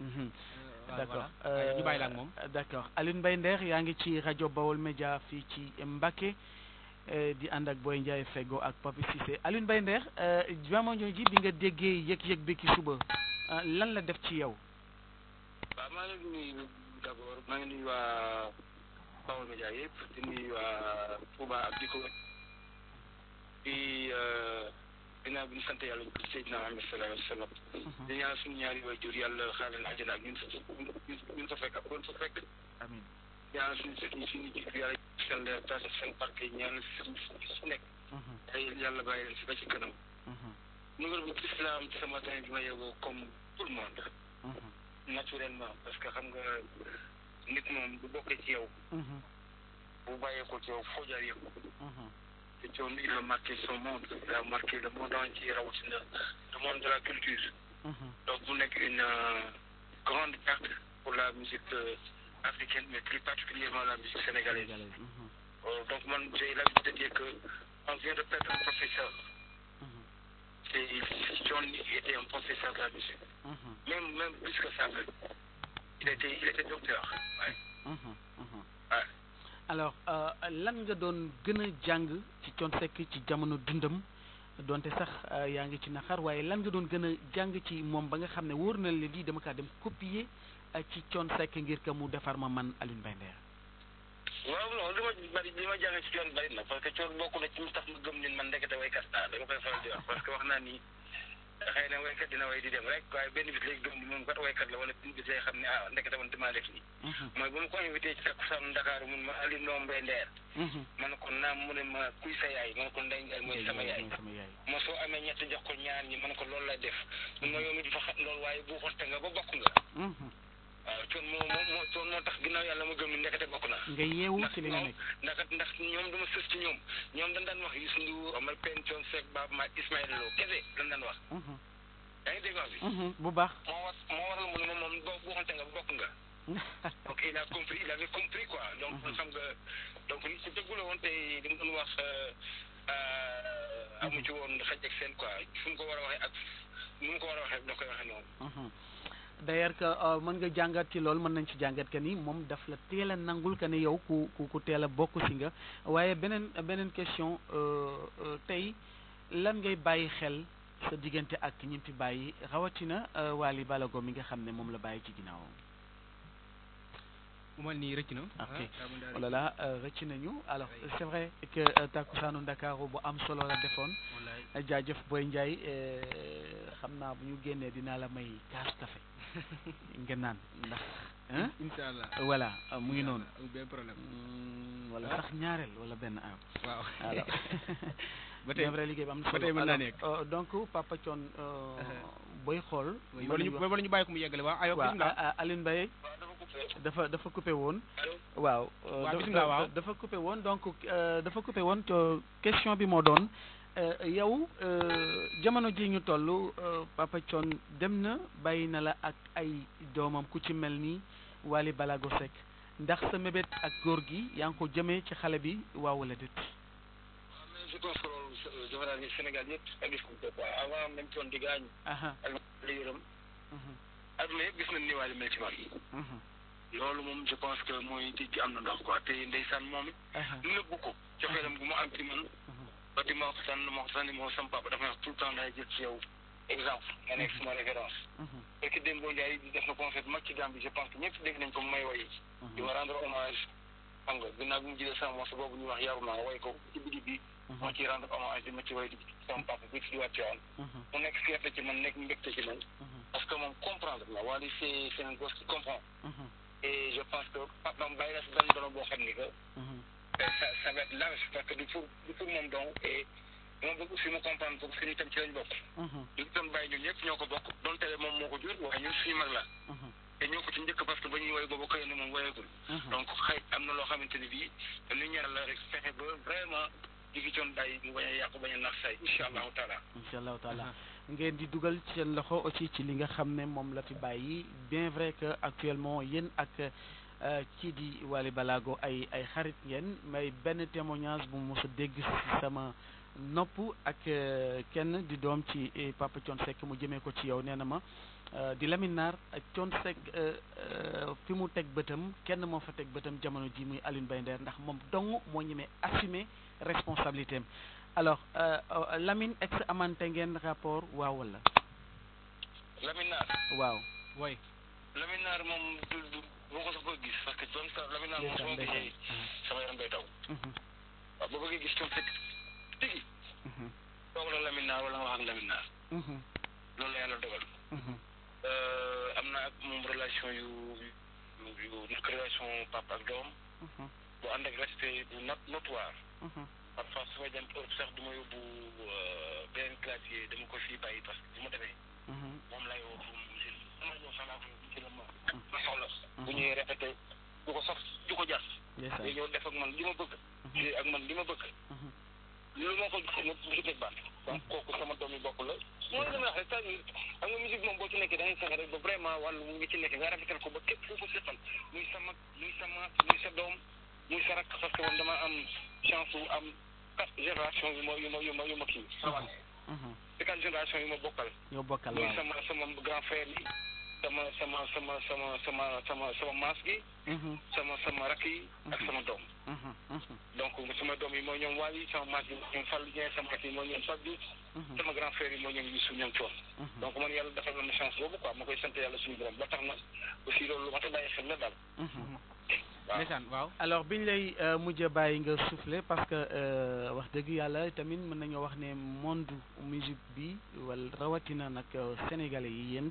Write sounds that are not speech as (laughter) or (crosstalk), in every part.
Mhm. Euh, d' accord euh, ñu bàyyi la ak moom d' accord Alioune Mbaye yaa ngi ci rajo Bawol Média fii ci Mbacké euh, di ànd ak Boy Ndiaye Fego ak Papi Cissé Alioune Mbaye Nder jamono ji bi nga déggee yëg-yëg bi ki suba lan la def ci yow. waaw maa ngi nuyu d' abord waa Bawol Média yëpp di nuyu waa Touba ak di ko di. ginnaaw bi ñu sant yàlla ñu ko Seydina Muhammad sallallahu alayhi wa sallam. Mhm. di ñaan suñu ñaari waajur yàlla xaaral àjjana ak ñun fa ñun fa fekk ak woon fa fekk. amiin ñaan suñu suñu suñu jiitu yàlla seen leer tas seen barke ñaan suñu su nekk. si mhm. ba ci kanam. Mhm. numéro bi plus la am ci sama matin bi ma yeboo comme tout le monde. naturellement que xam nga nit moom bu bàyyeekoo ci yow foo jaar yëpp. Et John, il a marqué son monde, il a marqué le monde entier, le monde de la culture. Mm Donc, vous n'êtes une euh, grande carte pour la musique euh, africaine, mais plus particulièrement la musique sénégalaise. sénégalaise. Mm donc, moi, j'ai l'habitude de dire qu'on vient de perdre un professeur. Mm -hmm. John était un professeur de la musique. Mhm. Même, même plus que ça. Il il était docteur. Ouais. Mhm. Mhm. Ouais. Alors, lan nga doon gën jàng Thione Seck ci jamono dundam donte sax euh, yaa ngi ci naqar waaye lan nga doon gën a jàng ci moom ba nga xam ne wóor na la lii dama kaa dem copier euh, ci coon Seck ngir que mu defar ma man Alioune Mbaye Nder waaw non li ma bëri li ma jàng ci Thione bëri na parce que Thione bokk na mu tax ma gëm ni man ndekete waykat da dama koy faral di wax parce que wax naa ni te xëy na waykat dina way di dem rek waaye benn bis léegi gëm moom kat waykat la wala benn bis lay xam ne ah ndekete woon damaa def nii. Mhm. mooy bu ma ko invité ci takkusaan Dakar mun ma Aliou Ndao Mbaye Ndeer. ma mhm. ne ko naam ne ma kuy sa yaay ma ne ko Ndeye Ndiaye mooy sama yaay. ma soo amee ñett jox ko ñaar ñi ma ne ko loolu lay def. Mhm. ma yow mi di fa xam loolu waaye bu xotte nga ba bokk nga. waaw coon moo moo coon moo tax ginnaaw yàlla ma gëm ni bokk naa. nga yeewu ci li nga ñoom dama sës ci ñoom ñoom dañ daan wax Youssou Ndour Omar Pène Thione Seck Baaba Maal Ismaël Lo kese dañ daan wax. Mhm. yaa ngi mhm, bu baax moo war moo waral mu ne moom moom boo waxante nga bokk nga. (laughs) donc il a compris il avait compris quoi. donc mhm. xam nga donc nit ku dëggu la woon tey li mu doon wax euh, euh, amu ci woon xaj ak seen quoi fu mu ko war a waxee ak nu mu ko war a waxee da koy waxee noonu. d'ailleurs que euh, mën nga jàngat ci loolu mën nañ ci jàngat que ni moom daf la teel a nangul que ni yow ku ku ku teel a bokk ci nga waaye beneen beneen question euh, euh, tey lan ngay bàyyi xel sa diggante ak ñi fi bàyyi rawatina Waly Balago mi nga xam ne moom la bàyyi ci ginnaawam. mu mel nii rëcc na. ok voilà ah, oh rëcc nañu alors c'est vrai que takkusaanu Ndakaaru bu am solo la defoon. jaajëf Boy Ndiaye xam naa bu ñu génnee dinaa la may kaas café ngeen naan ndax. incha allah voilà ah, mu ngi noonu. benn problème. Hmm, ah? ñaareel wala benn aw. waaw alors. (laughs) (laughs) ba tey liggéey bi am na. ba tey mën naa nekk euh, donc Papa Thion euh, (laughs) booy xool. wala ñu wala ñu bàyyi ko mu yeggale waaw aywa bisimilah waaw Alioune Mbaye dafa dafa coupé woon. waaw. Euh, waaw bisimilah dafa coupé woon donc dafa coupé woon question bi moo doon. Euh, yow euh, jamono ji ñu toll %e Papa dem na bàyyi na la ak ay doomam ku ci mel ni Waly Balago Seck ndax sa mébét ak góor gi yaa ngi ko jëmee ci xale bi waaw wala déet. Ah, je pense que loolu defe naa ni Sénégal a gis nañ ak la yërëm. Mhm. gis nañ ni Waly mel ci man. Mhm. loolu moom je pense que mooy ci am na ndox quoi te ndeysaan moom. nëbbu ko cofeelam gu mu am ci man. Mhm. ba di ma wax seen ma wax moom sama papa dafa may wax ci yow exemple nga nekk référence. parce mhm. que Gambie je pense que ñëpp dégg ko may woy mhm. di ma rendre hommage xam nga ginnaaw bi mu sama morceau boobu ñuy wax yaru naa way ko ci biir bi. Mhm. moo rendre hommage di ma ci way di sama papa bi ci wàccuwaan. mu nekk fierté ci man nekk mbégte ci man. parce moom comprendre na waa li c'est c'est un gosse qui comprend. et je pense na si benn dono boo xam ça, (laughs) ça va être large parce que du pour du pour moom donc et moom bëgg aussi mu comprendre ko suñu tam ci lañ bokk. li ñu doon bàyyi ñun ñëpp ñoo ko bokk donte moom moo ko jur waaye ñun suñu mag la. te ñoo ko ci njëkk parce que ba ñuy woy boobu xëy na moom woyagul. donc xëy am na loo xamante ni bii dañuy ñaan la rek fexe ba vraiment di fi coon bàyyi mu bañ a yàqu bañ a nax say incha allahu taala. incha allahu taala. Mhm. ngeen di dugal seen loxo aussi ci li nga xam ne moom la fi bàyyi bien vrai que actuellement yéen ak. Euh, kii di Wally Balago ay ay xarit ngeen may benn témoignage bu mu mos a dégg ci sama nopp ak euh, kenn di doom ci eh, Papa Thione mu jëmee ko ci yow nee na ma euh, di Lamine Naar ak Thione Seck fi mu teg bëtam kenn moo fa teg bëtam jamono ji muy Alioune Mbaye Nder ndax moom dong moo ñemee assumer responsabilité am alors Lamine ex amante ngeen rapport waaw wala Lamine waaw way Lamine moom bu ma ko sax bëgg gis parce que doon sa la muy naan su gis tam fekk tigi. Mhm. toog la Lamine wala nga wax ak Lamine Naar. Mhm. loolu mhm. euh, am na ak moom relation yu yu nekk relation papa ak doom. bu ànd ak respect bu not notoire. parfois su ma dem Europe sax du ma yóbbu euh, benn classe dama ko fii bàyyi parce que bu ma demee. moom laay woo koy répété du ko sof du ko ja day ñëw def ak man li ma bëgg. lii mhm. ak man li ma bëgg. Mhm. loolu moo ko joxee nag musique ak baax mhm. donc kooku sama doom yi bokk la mooy li ma wax rek c'est-à-dire xam nga musique moom boo ci nekkee da ngay rek ba vraiment wàllu mu ngi ci nekkee nga rafetal ko ba képp ku ko seqal muy sa mag muy sa maas muy sa doom mu sa rakk parce que man dama am chance wu am quatre génération yu ma yu ma yu ma yu ma kii. te quatre génération yu ma bokkal. ñoo bokkal waaw muy sama sama grand frère sama sama sama sama sama sama sama maas gi. Mhm. sama sama rakk yi. ak mhm. sama doom. Mhm. donc sama doom yi mooy ñoom Waly sama maas gi ñoom Fallou Dieng sama rakk yi moo ñoom Fadou. sama grand frère yi mooy ñoom Youssou ñoom Thion. donc man yàlla defal na ma chance boobu quoi ma koy sant yàlla suñu borom ba tax na aussi loolu ma ta bàyyi xel la daal. ndeysaan waaw alors biñ lay euh, mujj bàyyi nga soufflé parce que euh, wax dëgg yàlla tamit mën nañoo wax ne monde musique bi wala rawatina nag euh, sénégalais yi yéen.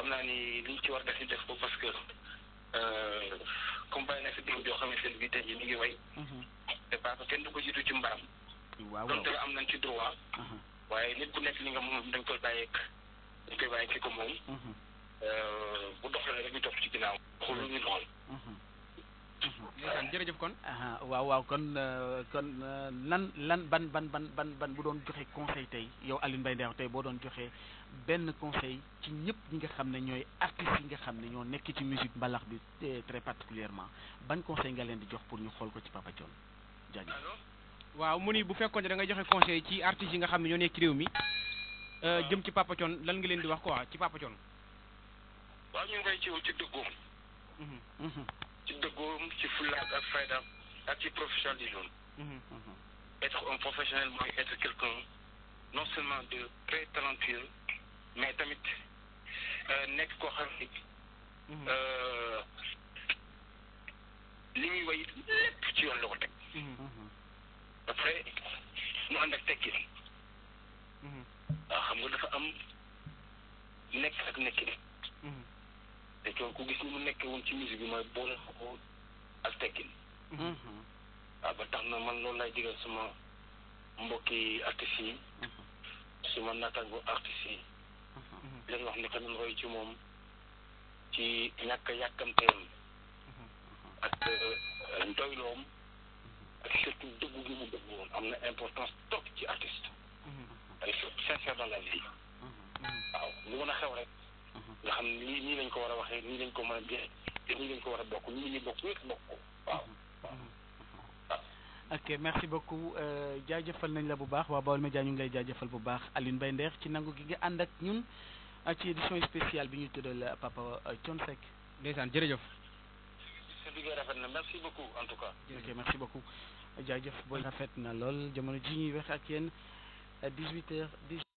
xam naa ni liñ ci war def ñu def ko parce que euh, comme bàyyi na fi déglu yoo xamante ne bii tey jii mi ngi way. Mhm. te parce kenn du ko jiitu ci mbaram. waaw donte am nañ ci droit. Mhm. waaye nit ku nekk li nga moom dañ koy bàyyeek dañ koy bàyyeek ci ko moom. Mhm. Euh, bu doxalee rek ñu topp ci ginnaaw xool ñu doxal. jërëjëf kon. waaw waaw kon euh, kon euh, lan lan ban ban ban ban ban bu doon joxe conseil tey yow Alioune Mbaye Nder tey boo doon joxe benn conseil ci ñëpp ñi nga xam ne ñooy artistes yi nga xam ne ñoo nekk ci musique mbalax bi très particulièrement ban conseil nga leen di jox pour ñu xool ko ci Papa Thione waaw mu ni bu fekkoon ne da nga joxe conseil ci artistes yi nga xam ne ñoo nekk ci réew mi euh, ah. jëm ci Papa lan nga leen di wax quoi ci Papa Thione. waaw ñu ci ci ci dëggoom ci fulaak ak faydaam ak ci professionnalisme. Mm-hmm. être un professionnel mooy être quelqu'un non seulement de très talentueux mais tamit euh, nekk koo xam ni. Mm-hmm. Euh, li muy way lépp ci yoon la ko teg. Mm-hmm. après mu ànd ak tekki. waaw xam nga dafa am nekk ak te coono ku gis ni mu nekkee woon ci musique bi may boole ko ak tekkin. Mhm. Ah, ba tax na man loolu lay digal suma mbokki artistes yi. Mhm. suma nattaango artistes yi. Mhm. leen wax ne que ñu roy ci moom ci ñàkk a yàkkamteem ak euh, ndoyloom ak surtout dëggu gi mu dëggu am na importance trop ci artiste. ay sincère dans la vie. waaw lu mën a xew rek. nga xam ni nii lañ ko war a waxee nii lañ ko man a jeex te nii lañ ko war a bokk nii lañuy bokk ñëpp bokk ko waaw ok merci beaucoup euh, jaajëfal nañ la bu baax waa Baol Média ñu ngi lay jëfal bu baax Alioune bay Nder ci nangu gi nga ànd ak ñun ah, ci édition spéciale bi ñu tuddal euh, Papa euh, Thione Seck ndeysaan jërëjëf sa liggéey rafet na merci beaucoup en tout cas ok merci beaucoup jaajëf booy rafet na lool jamono ji ñuy wax ak yéen 18 heures